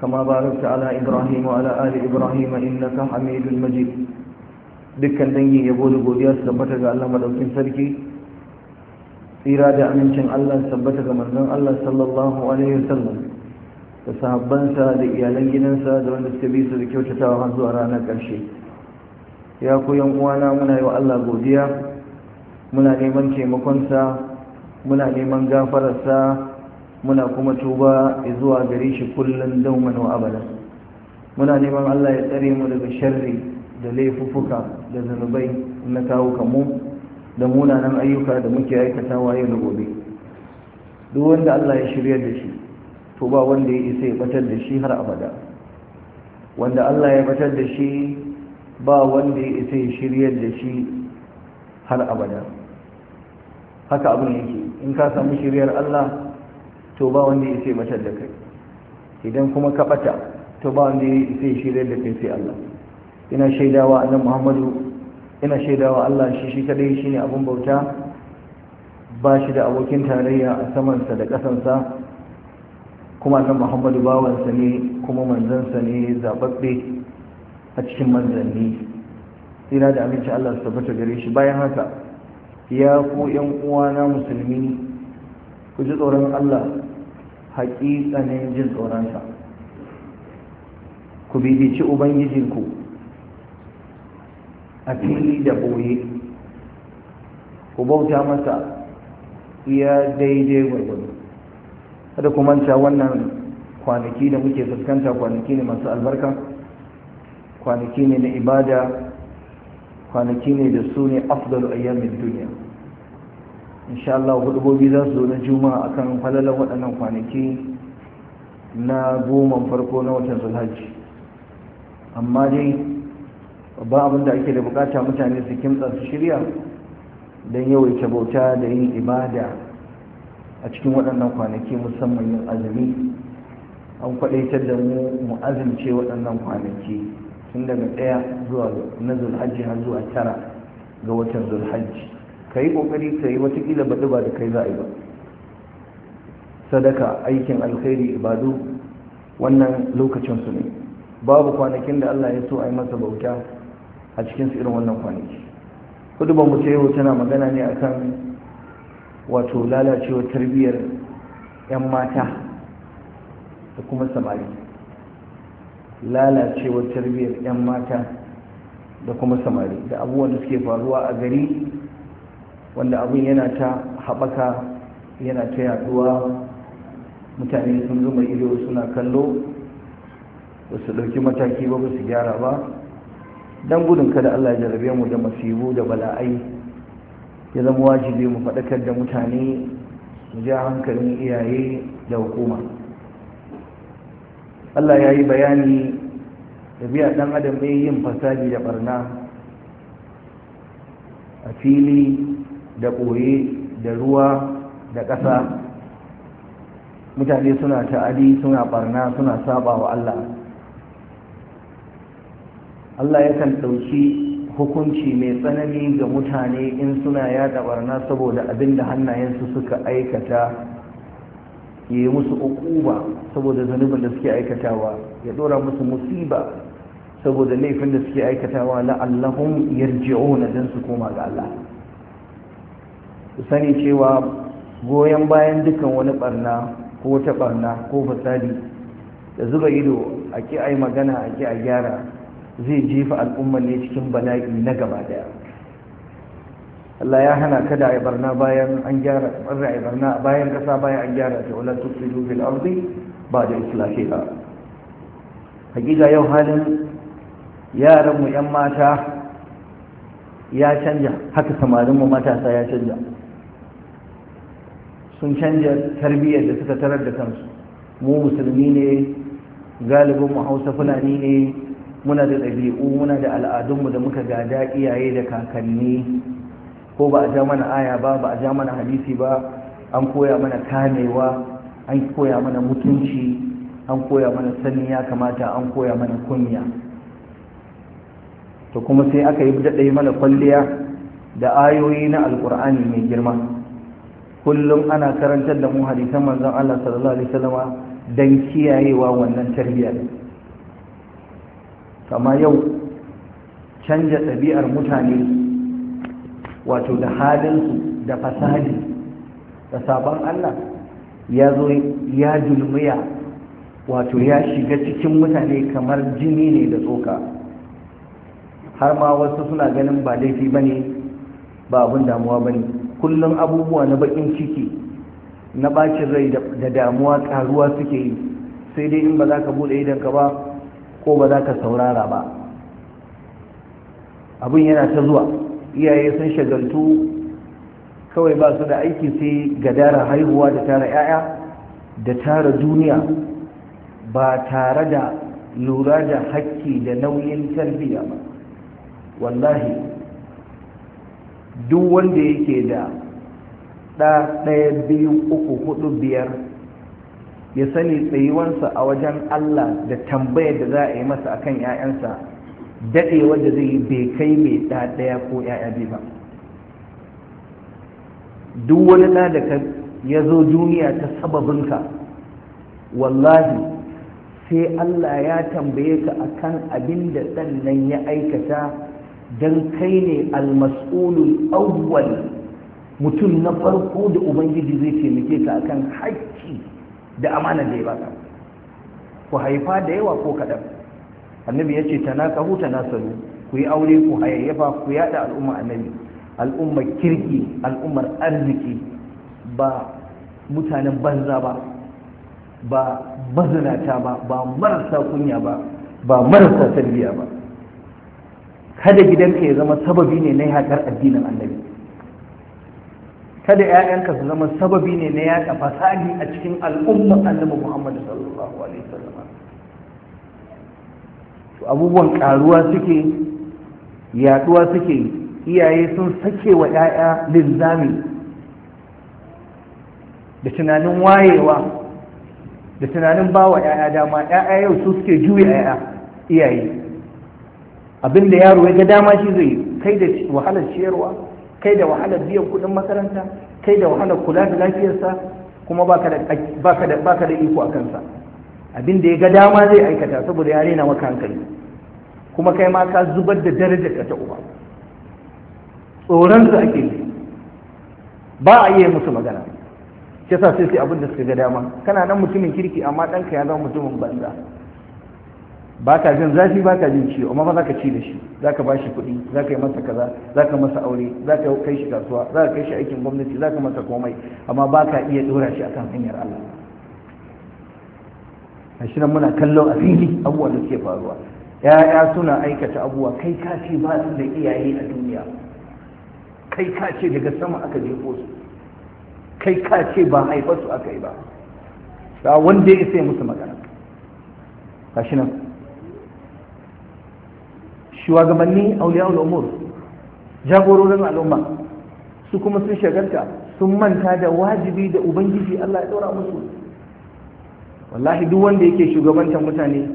كما باركت على إبراهيم وعلى آل إبراهيم إنك حميد مجيد dukkan dangi yabo da godiya su tabbata ga Allah madaukin sarki tsira da amincin Allah su tabbata ga manzon Allah sallallahu alaihi wasallam da sahabbansa da iyalan gidansa da wanda suka bi su da kyautatawa har zuwa ranar ƙarshe ya ku yan uwana muna yi wa Allah godiya muna neman taimakonsa muna neman gafararsa muna kuma tuba zuwa gare shi kullum dauman wa abada muna neman Allah ya tsare mu daga sharri da laifuka da zanubai na kawo kamu da munanan ayyuka da muke aikatawa yau da gobe duk wanda Allah ya shirya da shi to ba wanda ya isa ya batar da shi har abada wanda Allah ya batar da shi ba wanda ya isa ya shirya da shi har abada haka abin yake in ka samu shiryar Allah to ba wanda ya ce mata da kai idan kuma ka bata to ba wanda ya ce shirya da kai sai Allah ina shaidawa annabi Muhammadu ina shaidawa Allah shi shi kadai shine abun bauta ba shi da abokin tarayya a samansa da kasansa kuma annabi Muhammadu wansa ne kuma manzansa ne zababbe a cikin manzanni tsira da aminci Allah su tabbata gare shi bayan haka ya ku ƴan uwana musulmi ku ji tsoron Allah haƙiƙanin jin tsoronsa ku bibici ubangijinku a fili da boye ku bauta masa iya daidai gwargwado kada ku manta wannan kwanaki da muke fuskanta kwanaki ne masu albarka kwanaki ne na ibada kwanaki ne da su ne afdalu ayyamin duniya insha Allah hudubobi za su zo na juma'a kan falalar waɗannan kwanaki na goma farko na watan zulhaji amma dai ba abin ake da bukata mutane su kimtsa su shirya don yawaita bauta da yin ibada a cikin waɗannan kwanaki musamman yin azumi an kwaɗaitar da mu mu azumce waɗannan kwanaki tun daga ɗaya zuwa na zulhaji har zuwa tara ga watan zulhajji ka yi ƙoƙari ka yi watakila baɗi ba da kai za a yi ba sadaka aikin alkhairi ibadu wannan lokacin su ne babu kwanakin da Allah ya so a yi masa bauta a cikin su irin wannan kwanaki kudu ba mu yau tana magana ne akan wato lalacewar tarbiyyar 'yan mata da kuma samari lalacewar tarbiyyar 'yan mata da kuma samari da abubuwan da suke faruwa a gari wanda abin yana ta haɓaka yana ta yaduwa mutane sun zama ido suna kallo ba su ɗauki mataki ba ba su gyara ba don gudun kada allah ya jarabe mu da masibu da bala'ai ya zama wajibi mu faɗakar da mutane mu ja hankalin iyaye da hukuma allah ya yi bayani da biya ɗan adam ɗaya yin fasadi da ɓarna a fili da ɓoye da ruwa da ƙasa mutane suna ta'adi suna barna suna saba wa Allah Allah yakan ɗauki hukunci mai tsanani ga mutane in suna yada barna saboda abin da hannayensu suka aikata ya yi musu ukuba saboda zanubin da suke aikatawa ya ɗora musu musiba saboda laifin da suke aikatawa la'allahum yarji'una dan su koma ga Allah su sani cewa goyon bayan dukkan wani barna ko wata barna ko fasadi da zuba ido a ki ai magana a ki a gyara zai jefa al'ummar ne cikin bala'i na gaba daya Allah ya hana kada a yi barna bayan an gyara barna a barna bayan kasa bayan an gyara ta wala tutsi fil ardi ba da ba hakika yau halin yaran mu yan mata ya canja haka samarin mu matasa ya canja sun canja tarbiyyar da suka tarar da kansu mu musulmi ne galibin mu hausa fulani ne muna da ɗabi'u muna da al'adunmu da muka gada iyaye da kakanni ko ba a ja mana aya ba ba a ja mana hadisi ba an koya mana kamewa an koya mana mutunci an koya mana sani ya kamata an koya mana kunya to kuma sai aka yi daɗe mana kwalliya da ayoyi na Alƙur'ani mai girma kullum ana karantar da mu hadisan manzon Allah sallallahu alaihi wasallam dan kiyayewa wannan tarbiyyar kama yau canja ɗabi'ar mutane wato da halinsu da fasadi da sabon Allah ya zo ya dulmiya wato ya shiga cikin mutane kamar jini ne da tsoka har ma wasu suna ganin ba laifi bane ba abin damuwa bane kullum abubuwa na bakin ciki na bacin rai da damuwa karuwa suke yi sai dai in ba za ka bude idanka ba ko ba za ka saurara ba abin yana ta zuwa iyaye sun shagaltu kawai ba su da aiki sai gadara haihuwa da tara 'ya'ya da tara duniya ba tare da lura da hakki da nauyin tarbiyya ba wallahi duk wanda yake da ɗa ɗaya biyu uku hudu biyar ya sani tsayuwansa a wajen Allah da tambaya da za a yi masa akan 'ya'yansa daɗewa da zai yi bai kai mai ɗa ɗaya ko 'ya'ya biyu ba duk wani ɗa da ka ya zo duniya ta ka, wallahi sai Allah ya tambaye ka akan abin da ɗan nan ya aikata don kai ne almas'ulul awwal mutum na farko da ubangiji zai taimake ka akan haƙƙi da amana da ya baka ku haifa da yawa ko kaɗan annabi ya ce huta tanasalu ku yi aure ku hayayyafa ku yada al'umma annabi al'ummar kirki al'ummar arziki ba mutanen banza ba ba mazinata ba ba marasa kunya ba ba marasa tarbiya ba kada gidanka ya zama sababi ne na yaƙar addinin annabi kada ‘ya'yanka su zama sababi ne na yaƙa fasadi a cikin al'ummar annabi Muhammad sallallahu alaihi wasallam abubuwan ƙaruwa suke yaɗuwa suke iyaye sun sake wa ‘ya'ya linzami da tunanin wayewa da tunanin ba wa ‘ya'ya dama ‘ya'ya yau su suke juya ‘ya'ya iyaye Abin da yaro ya ga dama shi zai kai da wahalar ciyarwa kai da wahalar biyan kudin makaranta kai da wahalar kula da lafiyarsa kuma baka da iko a kansa da ya ga dama zai aikata saboda ya na maka hankali kuma kai ma ka zubar da darajar ka ta uba tsoron su ake ba a yi musu magana shi yasa sai sai abin da suka ga dama kana nan mutumin kirki amma ɗanka ya zama mutumin banza ba ka jin zafi ba ka jin ciwo amma ba za ka ci da shi za ka ba shi kuɗi za ka yi masa kaza za ka masa aure za ka kai shi kasuwa za ka kai shi aikin gwamnati za ka masa komai amma ba ka iya ɗora shi akan hanyar Allah a shi nan muna kallon a fili abubuwa da suke faruwa ya'ya suna aikata abubuwa kai ka ce ba su da iyaye a duniya kai ka ce daga sama aka jefo su kai ka ce ba haifar su aka yi ba wanda ya isa musu magana ka shi nan shugabanni auliya'ul umur jagororin al'umma su kuma sun shagarta sun manta da wajibi da ubangiji Allah ya daura musu wallahi duk wanda yake shugabantar mutane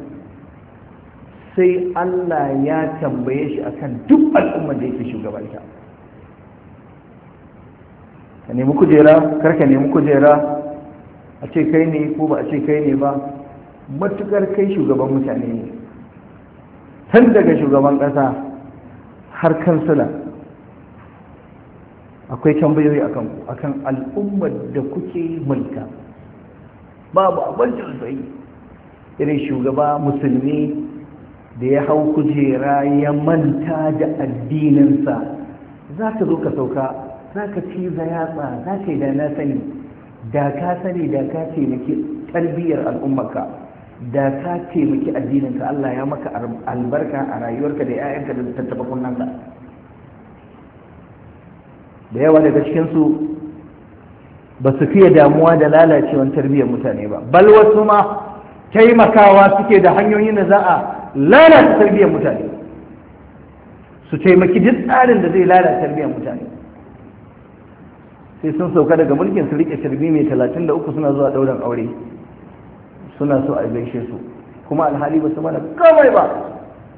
sai Allah ya tambaye shi akan duk al'ummar da yake shugabanta ka nemi kujera karka nemi kujera a ce kai ne ko ba a ce kai ne ba matukar kai shugaban mutane ne tun daga shugaban ƙasa har kansila akwai tambayoyi akan akan al'ummar da kuke mulka babu abin jirgin irin shugaba musulmi da ya hau kujera ya manta da addininsa za ka zo ka sauka za ka ci yatsa za ka yi da na sani da ka sani da ka ce na ke tarbiyyar al'ummarka da ka taimaki addininka Allah ya maka albarka a rayuwarka da 'ya'yanka da tattaba kunnanka da yawa daga cikinsu ba su fiye damuwa da lalacewar tarbiyyar mutane ba bal wasu ma taimakawa suke da hanyoyin da za a lalata tarbiyyar mutane su taimaki duk tsarin da zai lalata tarbiyyar mutane sai sun sauka daga mulkin su rike tarbi mai talatin da uku suna zuwa ɗaurin aure suna so a gaishe su kuma alhali ba su mana kawai ba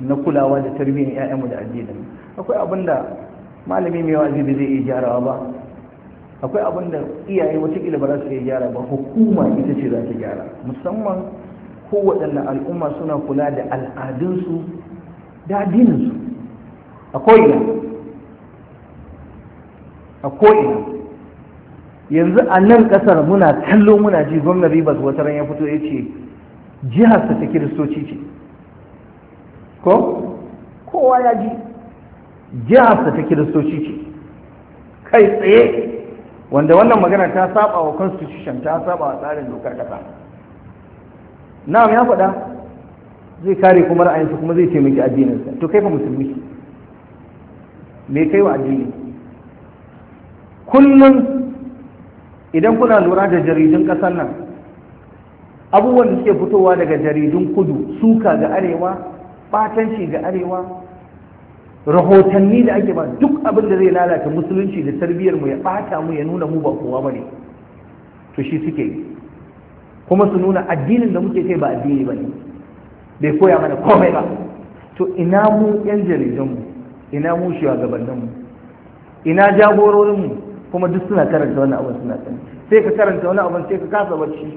na kulawa da tarbiyyar 'ya'yanmu da addinin akwai abin da malami mai wazi zai iya gyarawa ba akwai abin da iyaye wata ba za su iya gyara ba hukuma ita ce za ta gyara musamman kowaɗanne al'umma suna kula da al'adunsu da addininsu a ko'ina a ko'ina yanzu a nan kasar muna kallo muna ji gwamna ribas wata ran ya fito ya ce jihar ta kiristoci ce ko kowa ya ji jihar ta kiristoci ce kai tsaye wanda wannan magana ta saba wa constitution ta saba wa tsarin dokar kasa na'am ya faɗa zai kare kuma ra'ayinsa kuma zai taimaki addininsa to kai fa musulmi me kai wa addini kullum idan kuna lura da jaridun ƙasar nan abubuwan da suke fitowa daga jaridun kudu suka ga arewa batanci ga arewa rahotanni da ake ba duk abin da zai lalata musulunci da tarbiyyar mu ya bata mu ya nuna mu ba kowa bane to shi suke yi kuma su nuna addinin da muke kai ba addini bane bai koya mana komai ba to ina mu yan jaridun mu ina mu shugabannin mu ina jagororin mu kuma duk suna karanta wani abin suna sani sai ka karanta wani abin sai ka kasa bacci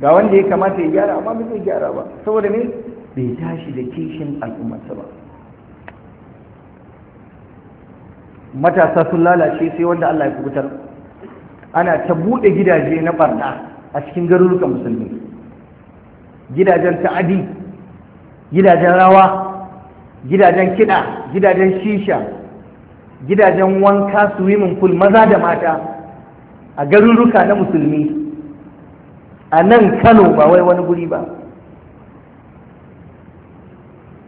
ga wanda ya kamata ya gyara amma bai zai gyara ba saboda ne bai tashi da kishin al'ummarsa ba matasa sun lalace sai wanda Allah ya kubutar ana ta buɗe gidaje na barna a cikin garurukan musulmi gidajen ta'adi gidajen rawa gidajen kiɗa gidajen shisha gidajen wanka swimming pool maza da mata a garuruka na musulmi a nan kano ba wai wani guri ba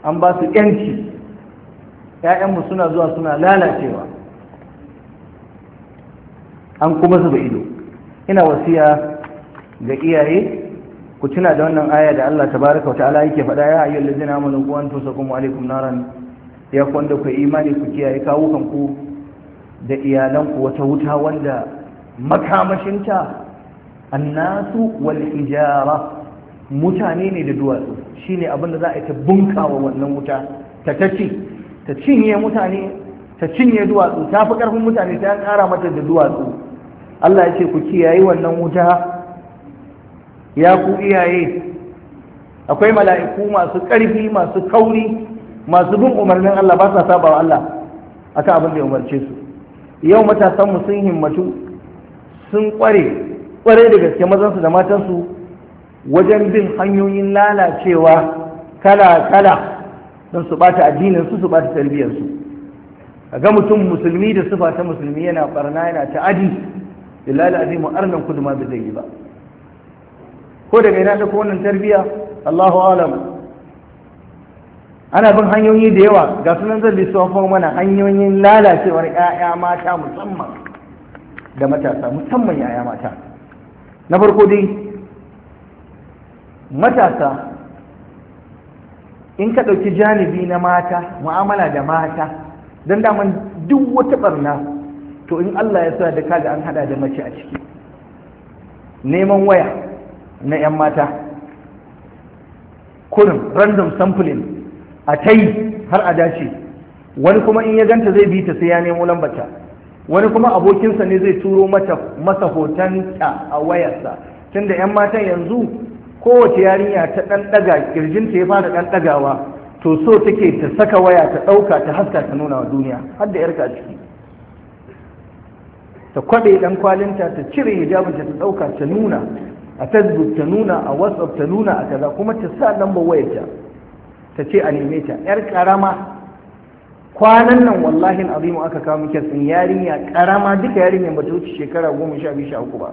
an ba su yanci ‘ya'yanmu suna zuwa suna lalacewa an kuma zuba ido ina wasiya ga iyaye ku tuna da wannan aya da Allah tabaraka wa ta'ala yake faɗa ya ayyuhallazina amanu qu anfusakum wa alaykum naran ya kwanda ku imani ku kiyaye kawukanku da iyalanku wata wuta wanda makamashinta annasu wal hijara mutane ne da duwatsu shine abin da za a yi ta bunkawa wannan wuta ta tace ta cinye mutane ta cinye duwatsu ta fi karfin mutane ta kara mata da duwatsu Allah ya ku kiyaye wannan wuta ya ku iyaye akwai mala'iku masu ƙarfi masu kauri masu bin umarnin Allah ba sa saba wa Allah akan abin da ya umarce su yau matasan mu sun himmatu sun kware kware da gaske mazansu da matansu wajen bin hanyoyin lalacewa kala kala don su bata addinin su su bata tarbiyyar su ga mutum musulmi da sufa ta musulmi yana barna yana ta'adi lillahi azimu arnan kudu ma zai yi ba ko daga ina da wannan tarbiyya Allahu alam ana bin hanyoyi da yawa ga sunan zan lissafo mana hanyoyin lalacewar 'ya'ya mata musamman da matasa musamman 'ya'ya mata na farko dai matasa in ka ɗauki janibi na mata mu'amala da mata don daman duk wata ɓarna, to in Allah ya sa da kaga an hada da mace a ciki neman waya na 'yan mata kurin random sampling a ta yi har a dace wani kuma in ya ganta zai bi ta sai ya nemo lambata wani kuma abokinsa ne zai turo mata masa hotonta a wayarsa tunda 'yan matan yanzu kowace yarinya ta ɗan ɗaga ƙirjinta ya fara ɗan ɗagawa to so take ta saka waya ta ɗauka ta haska ta nuna wa duniya har da 'yarka ciki ta kwaɓe ɗan kwalinta ta cire hijabinta ta ɗauka ta nuna a facebook ta nuna a whatsapp ta nuna a kaza kuma ta sa lambar wayarta ta ce a neme ta yar karama kwanan nan wallahi azimu aka kawo muke tsin yarinya karama duka yarinyar ba ta wuce shekara goma sha biyu sha uku ba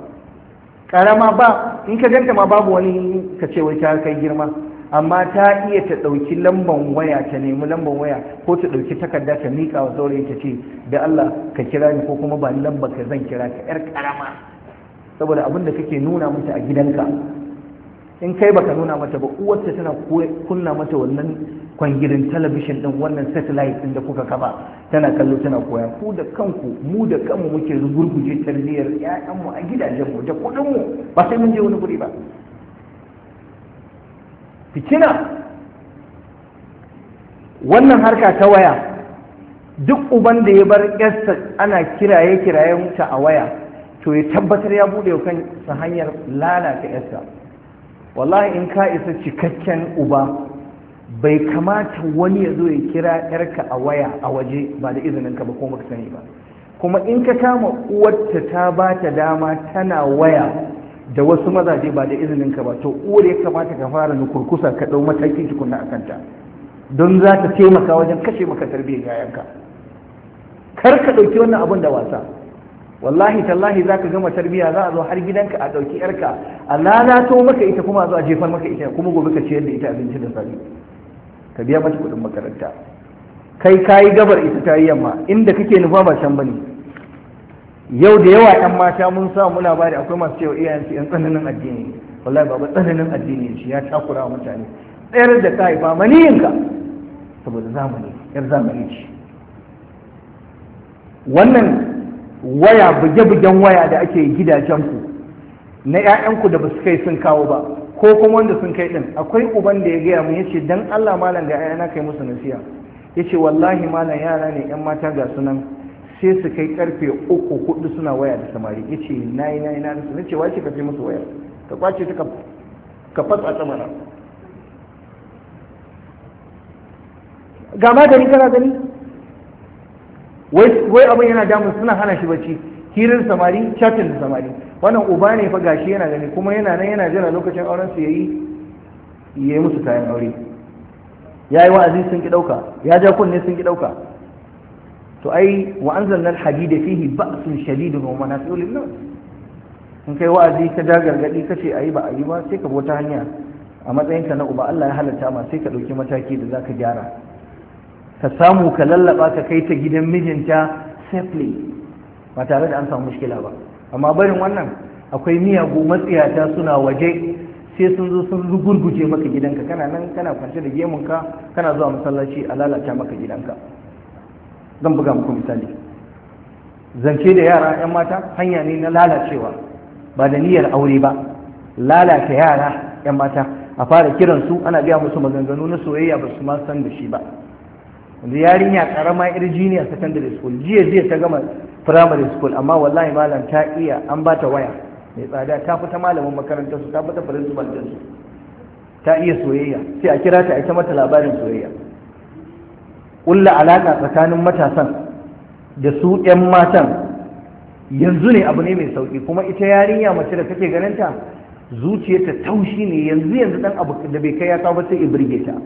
karama ba in ka ganta ma babu wani ka ce wai ta kai girma amma ta iya ta ɗauki lamban waya ta nemi lamban waya ko ta ɗauki takarda ta miƙa wa saurayi ta ce da Allah ka kira ni ko kuma ba lamba ka zan kira ka yar karama saboda abin da kake nuna mata a gidanka in kai baka nuna mata ba uwarta tana kunna mata wannan kwangirin talabishin din wannan satellite din da kuka kafa tana kallo tana koya ku da kanku mu da kanmu muke gurguje tarbiyyar ƴaƴanmu a gidajenmu da kuɗinmu ba sai mun je wani guri ba fitina wannan harka ta waya duk uban da ya bar yarsa ana kiraye kirayen ta a waya to ya tabbatar ya bude kan hanyar lalata yarsa wallahi in ka isa cikakken uba bai kamata wani ya zo ya kira yarka a waya a waje ba da izininka ba ko maka sani ba kuma in ka kama uwarta ta ba ta dama tana waya da wasu mazaje ba da izininka ba to uwar ya kamata ka fara nukurkusa ka ɗau mataki tukunna a kanta don za ta taimaka wajen kashe maka tarbiyyar yayanka kar ka ɗauki wannan abun da wasa wallahi tallahi zaka gama tarbiyya za a zo har gidanka a dauki yarka a lalato maka ita kuma a zo a jefar maka ita kuma gobe ka ciyar da ita abinci da safe ka biya mata kuɗin makaranta kai kayi gabar ita ta yi yamma inda kake nufa ba can bane yau da yawa yan mata mun sa mu labari akwai masu cewa iyayen su yan tsananin addini wallahi baba tsananin addini shi ya takura mutane tsayar da ka haifa maniyinka saboda zamani yar zamani ce wannan waya buge-bugen waya da ake gidajen ku na 'ya'yanku da ba su kai sun kawo ba ko kuma wanda sun kai din akwai uban da ya gaya mu yace dan Allah malam ga 'ya'yana kai musu Ya yace wallahi malam yara ne 'yan mata ga sunan sai su kai karfe uku hudu suna waya da samari yace nayi nayi na su nace wace ka fi musu waya ka kwace ta ka fatsa ta mana ga magani kana gani wai abin yana damun suna hana shi bacci hirar samari chatin da samari wannan uba ne fa gashi yana gani kuma yana nan yana jira lokacin auren su yayi yayi musu kayan aure yayi wa'azi sun ki dauka ya ja kunne sun ki dauka to ai wa anzalna al-hadida fihi ba'sun shadidun wa manafi'u lin in kai wa'azi ka da gargadi kace ayi ba ayi ba sai ka bota hanya a matsayinka na uba Allah ya halatta ma sai ka dauki mataki da zaka gyara ka samu ka lallaba ka kai ta gidan mijinta safely ba tare da an samu mushkila ba amma barin wannan akwai miyagu matsiyata suna waje sai sun zo sun rugurguje maka gidanka kana nan kana kwance da gemunka kana zuwa masallaci a lalata maka gidanka zan buga muku misali zance da yara 'yan mata hanya ne na lalacewa ba da niyyar aure ba lalata yara 'yan mata a fara kiransu ana biya musu maganganu na soyayya ba su ma san da shi ba yanzu yarinya karama yar junior secondary school jiya jiya ta gama primary school amma wallahi malam ta iya an ba ta waya mai tsada ta fita malamin makarantar su ta fita principal din su ta iya soyayya sai a kira ta ita mata labarin soyayya kulla alaka tsakanin matasan da su yan matan yanzu ne abu ne mai sauki kuma ita yarinya mace da kake ganin ta zuciyarta taushi ne yanzu yanzu dan abu da bai kai ya kawo ba sai ya burge ta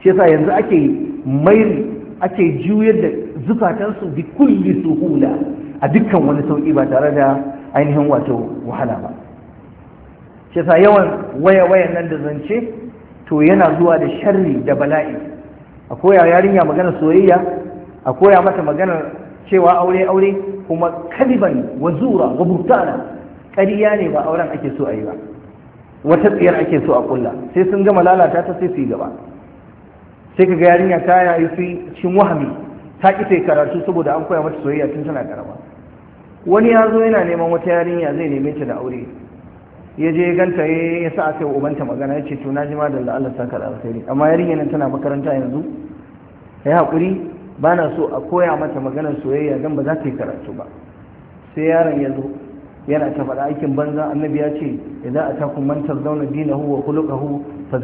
shi yasa yanzu ake mai ake juyar da zukatansu bi kulli suhula a dukkan wani sauki ba tare da ainihin wato wahala ba shi sa yawan waya wayan nan da zance to yana zuwa da sharri da bala'i a koya yarinya magana soyayya a koya mata magana cewa aure aure kuma kaliban wazura wa burtana ƙariya ne ba auren ake so a yi ba wata tsiyar ake so a kulla sai sun gama lalata ta sai su yi gaba sai ka ga yarinya ta yayi fi cikin wahami ta ki sai karatu saboda an koya mata soyayya tun tana karama wani ya zo yana neman wata yarinya zai neme ta da aure ya je ganta ya sa sai ubanta magana ya ce to na ji ma da Allah saka da alkhairi amma yarinya nan tana makaranta yanzu ya hakuri ba na so a koya mata maganar soyayya dan ba za ta yi karatu ba sai yaron ya zo yana ta faɗa aikin banza annabi ya ce idan a man mantar zauna dinahu wa khuluquhu fa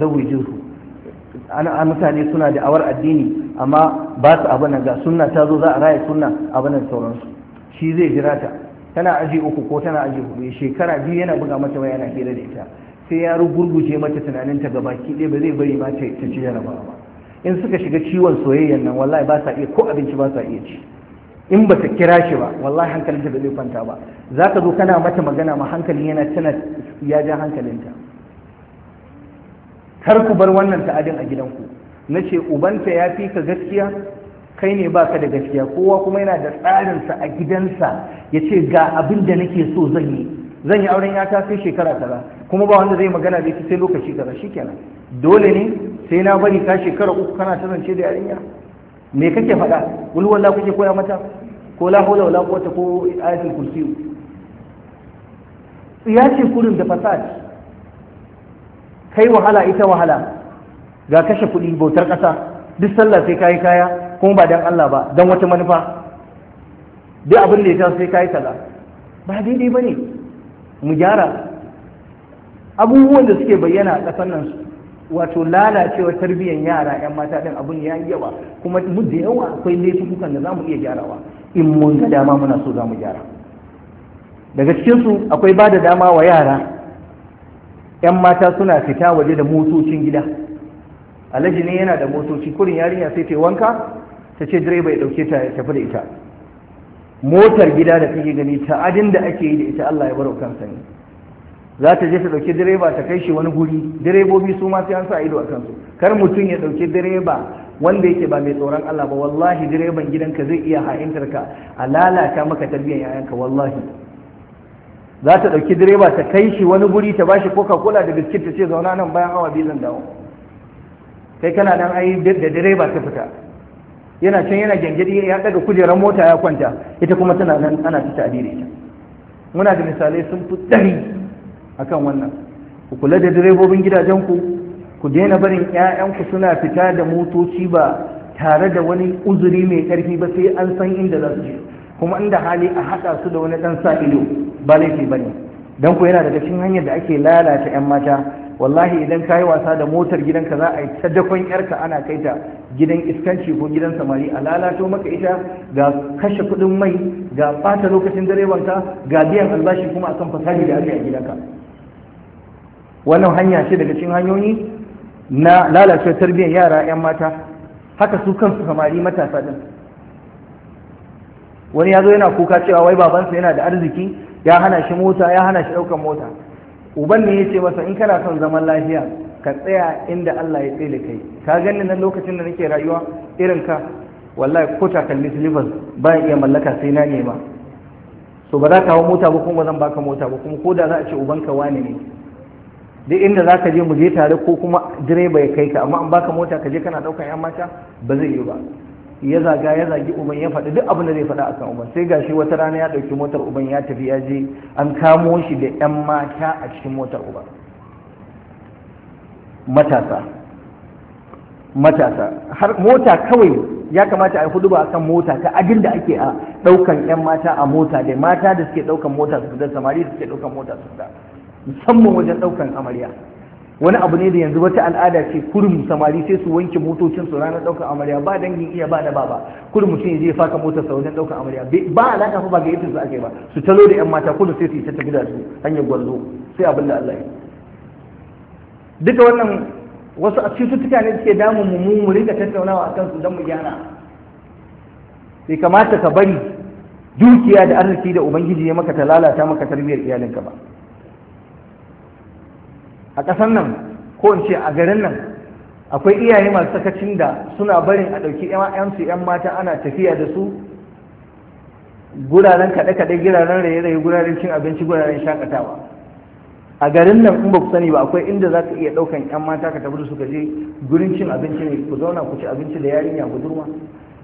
ana mutane suna da awar addini amma ba su abin ga sunna ta zo za a raya sunna abin sauransu shi zai jira ta tana aji uku ko tana aji hudu shekara biyu yana buga mata waya yana hira da ita sai ya rugurguje mata tunaninta ta gabaki ɗaya ba zai bari ma ta ci jarabawa ba in suka shiga ciwon soyayyan nan wallahi ba sa iya ko abinci ba sa iya ci in ba ta kira shi ba wallahi hankalinta ba zai kwanta ba za ka zo kana mata magana ma hankali yana tana ya ja hankalinta kar ku bar wannan ta'adin a gidanku na ce ubanta ya fi ka gaskiya kai ne ba ka da gaskiya kowa kuma yana da tsarinsa a gidansa ya ce ga abin da nake so zan yi zan yi auren yata sai shekara kaza kuma ba wanda zai magana da sai lokaci kaza shikenan dole ne sai na bari ka shekara uku kana ta zance da yarinya me kake faɗa wani walla kuke koya mata ko la hawla wala quwwata ko ayatul kursi ya ce kurin da fasad kai wahala ita wahala ga kashe kuɗi bautar ƙasa duk sallah sai kayi kaya kuma ba dan Allah ba dan wata manufa duk abin da ya ta sai kayi sallah ba daidai ba ne mu gyara abubuwan da suke bayyana a ƙasar nan wato lalacewa tarbiyyar yara 'yan mata ɗin abin ya yi yawa kuma mu da yawa akwai laifukan da za mu iya gyarawa in mun ga dama muna so za mu gyara daga cikinsu akwai ba da dama wa yara 'yan mata suna fita waje da motocin gida alhaji ne yana da motoci kurin yarinya sai ta wanka ta ce direba ya dauke ta ya tafi da ita motar gida da kake gani ta adin da ake yi da ita Allah ya barau kansa ne za ta je ta dauki direba ta kai shi wani guri direbobi su ma sai an sa ido a kansu kar mutum ya dauki direba wanda yake ba mai tsoron Allah ba wallahi direban gidanka zai iya ha'intarka a lalata maka tarbiyyar yayanka wallahi za ta ɗauki direba ta kai shi wani guri ta bashi coca cola da biskit ta ce zauna nan bayan awa biyu zan dawo kai kana nan ai da direba ta fita yana can yana gyangyaɗi ya ɗaga kujerar mota ya kwanta ita kuma tana nan ana ta muna da misalai sun fi ɗari akan wannan ku kula da direbobin gidajenku ku daina barin 'ya'yanku suna fita da motoci ba tare da wani uzuri mai ƙarfi ba sai an san inda za su je kuma inda hali a haɗa su da wani ɗan sa ido ba laifi ba ne don ku yana daga cikin hanyar da ake lalata 'yan mata wallahi idan ka yi wasa da motar gidanka za a yi ta yarka ana kai ta gidan iskanci ko gidan samari a lalato maka ita ga kashe kuɗin mai ga ɓata lokacin direbanka ga biyan albashi kuma akan fasali da ake a gidanka wannan hanya ce daga cikin hanyoyi na lalacewar tarbiyyar yara 'yan mata haka su kansu samari matasa din wani ya zo yana kuka cewa wai babansa yana da arziki ya hana shi mota ya hana shi ɗaukar mota uban ne ya ce masa in kana son zaman lafiya ka tsaya inda Allah ya tsaye kai ka gani nan lokacin da nake rayuwa irin ka wallahi ko takalmi silifas ba iya mallaka sai na nema so ba za ka hau mota ba kuma zan baka mota ba kuma ko da za a ce ubanka wane ne duk inda za ka je mu je tare ko kuma direba ya kai ka amma an baka mota ka je kana ɗaukan yan mata ba zai yi ba ya zaga ya zagi uban ya faɗi duk abin da zai faɗa akan uban sai gashi wata rana ya ɗauki motar uban ya tafi ya je an kamo shi da 'yan mata a cikin motar uban matasa matasa har mota kawai ya kamata a hudu ba akan mota ta abin da ake a ɗaukan 'yan mata a mota da mata da suke ɗaukan mota su da samari da suke ɗaukan mota su da musamman wajen ɗaukan amarya wani abu ne da yanzu wata al'ada ce kurum samari sai su wanke motocin su ranar daukar amarya ba dangin iya ba da ba kurum mutum ya je faka motar sa wajen daukar amarya ba alaka fa ba ga yadda su aka yi ba su talo da yan mata kullum sai su yi ta tafi da su hanyar gwanzo sai abin da Allah ya duka wannan wasu tutuka ne suke damun mu mu rinka tattaunawa a kansu don mu gyara bai kamata ka bari dukiya da arziki da ubangiji ya maka ta lalata maka tarbiyyar iyalinka ba a ƙasar nan ko in ce a garin nan akwai iyaye masu sakacin da suna barin a ɗauki yansu 'yan mata ana tafiya da su guraren kaɗe-kaɗe guraren raye-raye guraren cin abinci guraren shakatawa a garin nan in ba ku sani ba akwai inda za ka iya ɗaukan 'yan mata ka tafi da su ka je gurin cin abinci ne ku zauna ku ci abinci da yarinya durma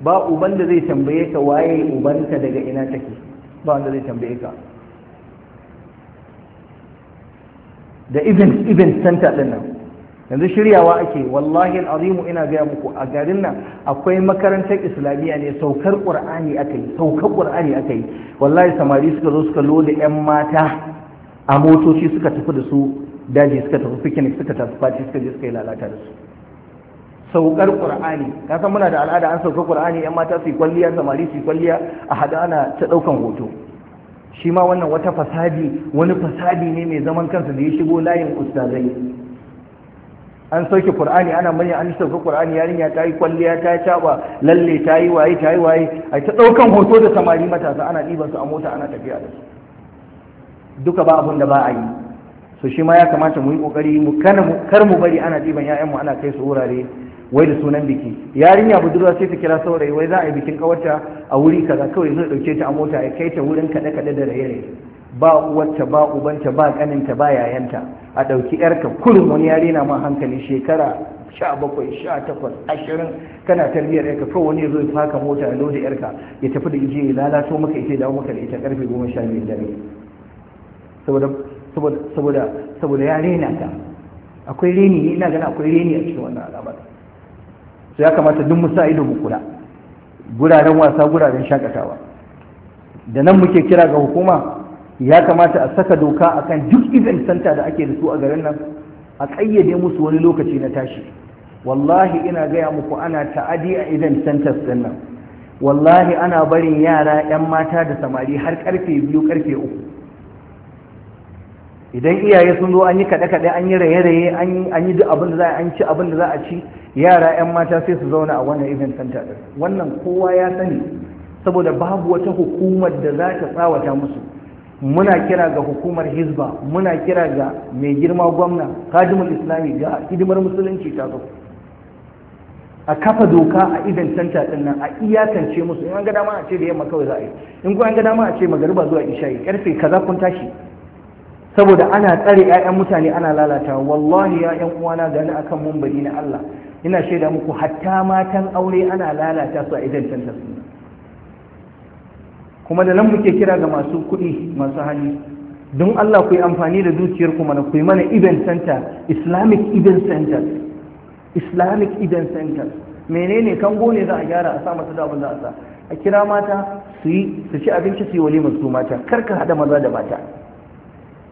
ba uban da zai tambaye ka waye ubanka daga ina take ba wanda zai tambaye ka da event event center din nan yanzu shiryawa ake wallahi azimu ina gaya muku a garin nan akwai makarantar islamiyya ne saukar qur'ani aka yi saukar qur'ani aka yi wallahi samari suka zo suka loda yan mata a motoci suka tafi da su daji suka tafi picnic suka tafi party suka je suka yi lalata da su saukar qur'ani ka san muna da al'ada an sauka qur'ani yan mata su yi kwalliya samari su yi kwalliya a hada ana ta daukan hoto shi ma wannan wata fasadi wani fasadi ne mai zaman kansa da ya shigo layin ustazai an sauke Kur'ani ana manya an sauke yarin yarinya ta yi kwalliya ta yi caba lalle ta yi waye ta yi waye A ta daukan hoto da samari matasa ana ɗiban su a mota ana tafiya da su duka ba abun da ba a yi so shi ma ya kamata mu yi kokari mu kar mu bari ana ɗiban 'ya'yanmu ana kai su wurare wai da sunan biki yarinya budurwa sai ta kira saurayi wai za a yi bikin kawarta a wuri kaza kawai zai dauke ta a mota ya kai ta wurin kaɗe kaɗe da raye raye ba uwarta ba ubanta ba kaninta ba yayanta a ɗauki yarka kurum wani yare na ma hankali shekara sha bakwai sha takwas ashirin kana tarbiyyar yarka ko wani zo ya faka mota ya loda yarka ya tafi da ije ya lalato maka ita ya dawo maka da ita karfe goma sha biyu dare saboda saboda saboda yare na ka akwai reni ina gana akwai reni a cikin wannan al'amarin to ya kamata duk musa ido mu kula guraren wasa guraren shakatawa da nan muke kira ga hukuma ya kamata a saka doka akan duk event center da ake da su a garin nan a ƙayyade musu wani lokaci na tashi wallahi ina gaya muku ana ta'adi a event centers din nan wallahi ana barin yara 'yan mata da samari har karfe biyu karfe uku idan iyaye sun zo an yi kaɗe-kaɗe an yi raye-raye an yi abin da za a ci abin da za a ci yara 'yan mata sai su zauna a wannan event center ɗin wannan kowa ya sani saboda babu wata hukumar da za ta tsawata musu muna kira ga hukumar hizba muna kira ga mai girma gwamna kajimul islami ga hidimar musulunci ta zo a kafa doka a idan canta din nan a iyakance musu in an ga dama a ce da yamma kawai za a yi in kuma an ga dama a ce magariba zuwa isha'i karfe kaza kun tashi saboda ana tsare 'ya'yan mutane ana lalata wallahi 'ya'yan uwana uwana gani akan mumbari na Allah ina shaida muku hatta matan aure ana lalata su a idan tantar kuma da nan muke kira ga masu kuɗi masu hali don Allah ku yi amfani da dukiyar ku mana ku yi mana event center islamic event center islamic event center menene kango ne za a gyara a sa masu da za a sa a kira mata su yi su ci abinci su yi walimar su mata kar ka hada maza da mata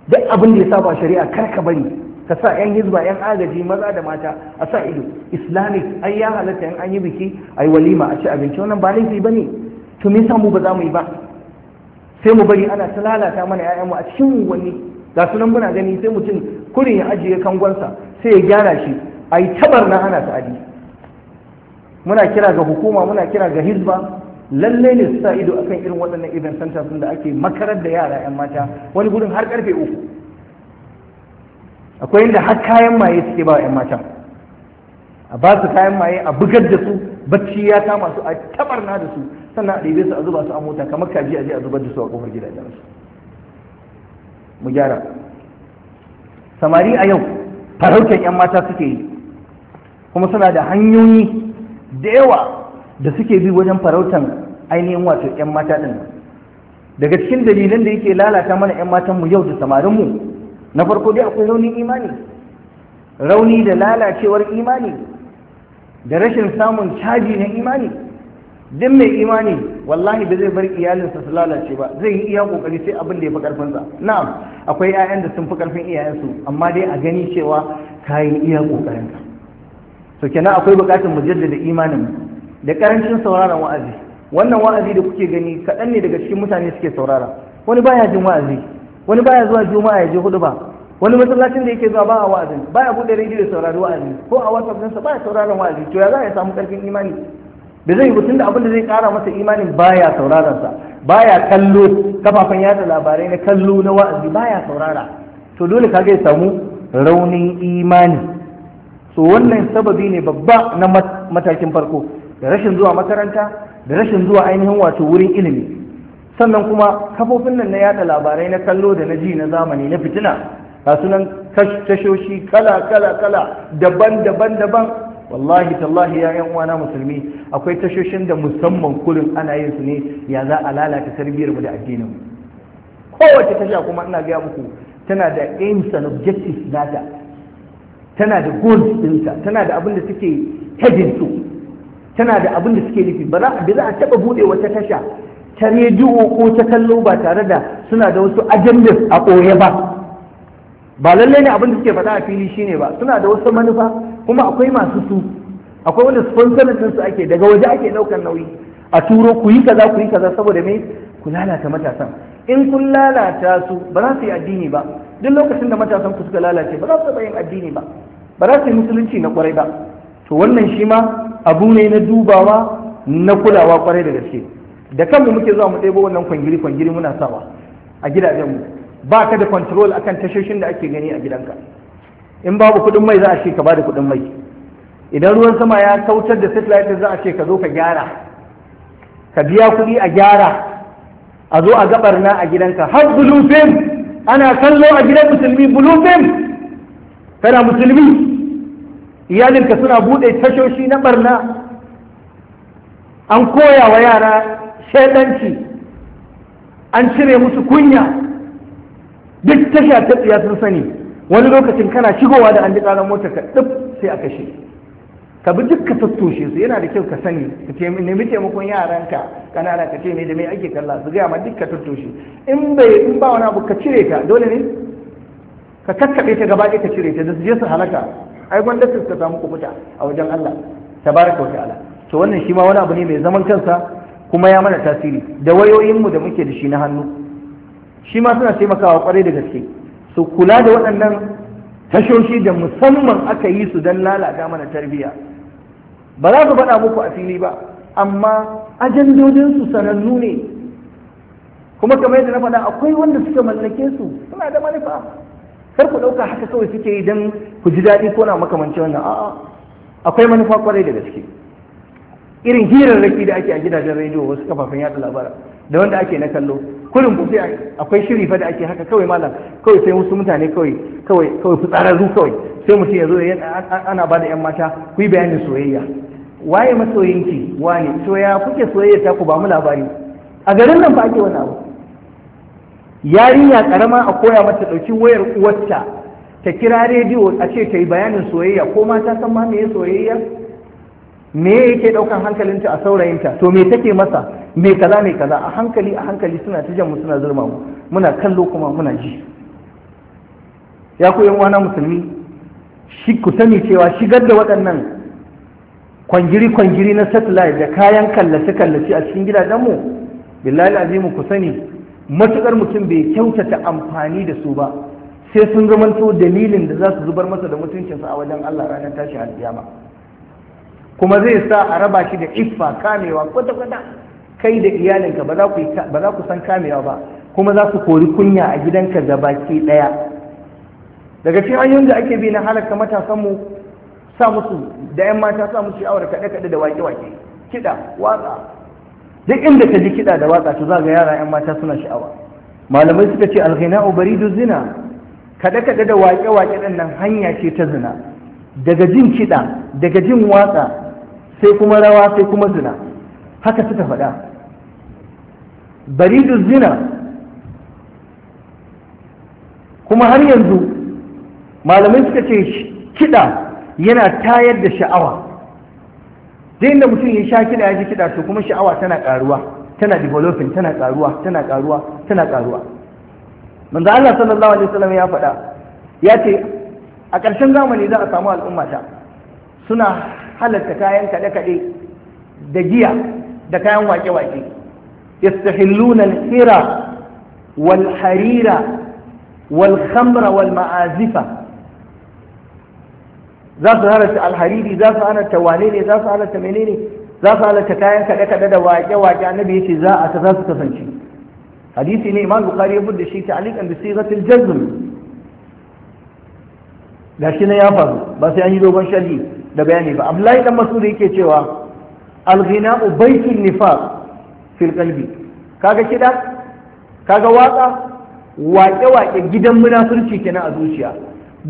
duk abin da ya saba shari'a kar ka bari ka sa yan hizba yan agaji maza da mata a sa ido islamic ai ya halatta yan an yi biki ai walima a ci abinci wannan ba laifi bane to me yasa mu ba za mu yi ba sai mu bari ana ta lalata mana 'ya'yanmu a cikin wani ga nan muna gani sai mutum kurin ya ajiye kangonsa sai ya gyara shi ai tabar na ana ta'adi muna kira ga hukuma muna kira ga hizba lallai ne su sa ido kan irin waɗannan event centers da ake makarar da yara 'yan mata wani gudun har karfe uku akwai inda har kayan maye suke ba 'yan mata a ba su kayan maye a bugar da su bacci ya kama su a tabarna da su sannan a ɗebe su a zuba su a mota kamar kaji a je a zubar da su a kofar gidajen su mu gyara samari a yau farautar 'yan mata suke yi kuma suna da hanyoyi da yawa da suke bi wajen farautan ainihin wato 'yan mata ɗin daga cikin dalilan da yake lalata mana 'yan matanmu yau da samarinmu na farko dai akwai raunin imani rauni da lalacewar imani da rashin samun caji na imani duk mai imani wallahi ba zai bar iyalinsa su lalace ba zai yi iya kokari sai abin da ya fi karfinsa na'am akwai 'ya'yan da sun fi karfin iyayensu amma dai a gani cewa ka yi iya kokarinka so kenan akwai bukatun mu jaddada imanin da karancin sauraron wa'azi wannan wa'azi da kuke gani kaɗan ne daga cikin mutane suke saurara wani baya jin wa'azi wani baya zuwa juma'a ya je hudu ba wani masallacin da yake zuwa ba a ba baya bude rediyo da saurari wa'azi ko a whatsapp ɗinsa baya sauraron wa'azi to ya za ya samu ƙarfin imani da zai yi da abin da zai ƙara masa imanin baya sauraron sa baya kallo kafafen yada labarai na kallo na wa'azi baya saurara to dole ga ya samu raunin imani so wannan sababi ne babba na matakin farko da rashin zuwa makaranta da rashin zuwa ainihin wato wurin ilimi sannan kuma kafofin nan na yada labarai na kallo da na ji na zamani na fitina ga sunan tashoshi kala kala kala daban daban daban wallahi tallahi ya yan uwana musulmi akwai tashoshin da musamman kullum ana yin su ne ya za a lalata tarbiyyar mu da addinin kowace tasha kuma ina gaya muku tana da aims and objectives nata tana da goals ɗinta tana da abin da suke heading to tana da abin da suke nufi ba za a taɓa buɗe wata tasha ta rediyo ko ta kallo ba tare da suna da wasu ajandar a ɓoye ba ba lallai ne abin da suke faɗa a fili shine ba suna da wasu manufa kuma akwai masu su akwai wanda sponsor din su ake daga waje ake ɗaukar nauyi a turo ku yi kaza ku yi kaza saboda me ku lalata matasan in kun lalata su ba za su yi addini ba duk lokacin da matasan ku suka lalace ba za su taɓa yin addini ba ba za su yi musulunci na kwarai ba to wannan shi ma abu ne na dubawa na kulawa kwarai da gaske da kanmu muke zuwa mu ɗebo wannan kwangiri kwangiri muna sawa a gidajenmu ba ka da control akan tashoshin da ake gani a gidanka in babu kuɗin mai za a ce ka ba da kuɗin mai idan ruwan sama ya kautar da satellite za a ce ka zo ka gyara ka biya kuɗi a gyara a zo a gabar na a gidanka har bulufin ana kallo a gidan musulmi bulufin kana musulmi iyalinka suna bude tashoshi na barna an koya wa yara shaidanci an cire musu kunya duk tasha ta tsiya sun sani wani lokacin kana shigowa da an ji ƙarar motar ka ɗif sai a kashe ka bi duk ka tattoshe su yana da kyau ka sani ka ce nemi taimakon yaranka kanana ka ce me da mai ake kalla su gaya ma duk ka tattoshe in bai in ba wani abu ka cire ta dole ne ka kakkaɓe ta gaba ɗaya ka cire ta da su je su halaka ai gwanda su ka samu kubuta a wajen Allah tabaraka wa ta'ala to wannan shi ma wani abu ne mai zaman kansa kuma ya mana tasiri da wayoyinmu da muke da shi na hannu shi ma suna taimakawa kwarai da gaske su kula da waɗannan tashoshi da musamman aka yi su don lalata mana tarbiyya ba za su faɗa muku a fili ba amma su sanannu ne kuma kamar yadda na faɗa akwai wanda suka mallake su suna da manufa kar ku ɗauka haka kawai suke yi don ku ji daɗi ko na makamancin wannan a'a akwai manufa kwarai da gaske irin hirarraki da ake a gidajen rediyo wasu kafafen yada labara da wanda ake na kallo kurin ku sai akwai shiri fa da ake haka kawai malam kawai sai wasu mutane kawai kawai kawai fitsararru kawai sai mutum ya zo ana ba da yan mata ku yi bayanin soyayya waye masoyinki wane soyayya kuke soyayya ta ku ba mu labari a garin nan ba ake wani abu yarinya karama a koya mata ɗauki wayar uwarta ta kira rediyo a ce ta yi bayanin soyayya ko ma ta san ma me soyayya me yake ɗaukan hankalinta a saurayinta to me take masa me kaza me kaza a hankali a hankali suna ta mu suna zurma mu muna kallo kuma muna ji ya ku wana musulmi shi ku sani cewa shigar da waɗannan kwangiri-kwangiri na satellite da kayan kallace-kallace a cikin gidajen mu billahi azimu ku sani matukar mutum bai kyautata amfani da su ba sai sun zamanto dalilin da za su zubar masa da mutuncinsa a wajen Allah ranar tashi alƙiyama kuma zai sa a raba shi da iffa kamewa kwata-kwata kai da iyalinka ba za ku san kamewa ba kuma za su kori kunya a gidanka da baki daya daga cikin hanyoyin da ake bi na halaka matasan sa musu da yan mata sa musu sha'awar kaɗe-kaɗe da wake-wake kiɗa watsa duk inda ka ji kiɗa da watsa to za yara 'yan mata suna sha'awa malamai suka ce alghina'u baridu zina kada kada da waƙe waƙe dannan hanya ce ta zina daga jin kiɗa daga jin watsa, sai kuma rawa sai kuma zina haka suka faɗa baridu zina kuma har yanzu malamai suka ce kiɗa yana tayar da sha'awa duk inda mutum ya sha kiɗa ya ji kiɗa to kuma sha'awa tana ƙaruwa tana developing tana ƙaruwa tana ƙaruwa tana ƙaruwa manzo Allah sallallahu alaihi wasallam ya faɗa ya ce a ƙarshen zamani za a samu al'ummata suna halatta kayan kaɗe-kaɗe da giya da kayan wake-wake yastahilluna al-hira wal harira wal khamra wal ma'azifa za su halatta alhariri za su halatta wane ne za su halatta menene za su halatta kayan kaɗe-kaɗe da waƙe-waƙe annabi ya ce za a ta za su kasance hadisi ne imam bukari ya budda shi ta'alikan da sigatul jazm shi na ya faru ba sai an yi dogon shari da bayani ba abdullahi dan masud yake cewa al-ghina'u baytun nifaq fil qalbi kaga kida kaga waka waƙe-waƙe gidan munafurci kenan a zuciya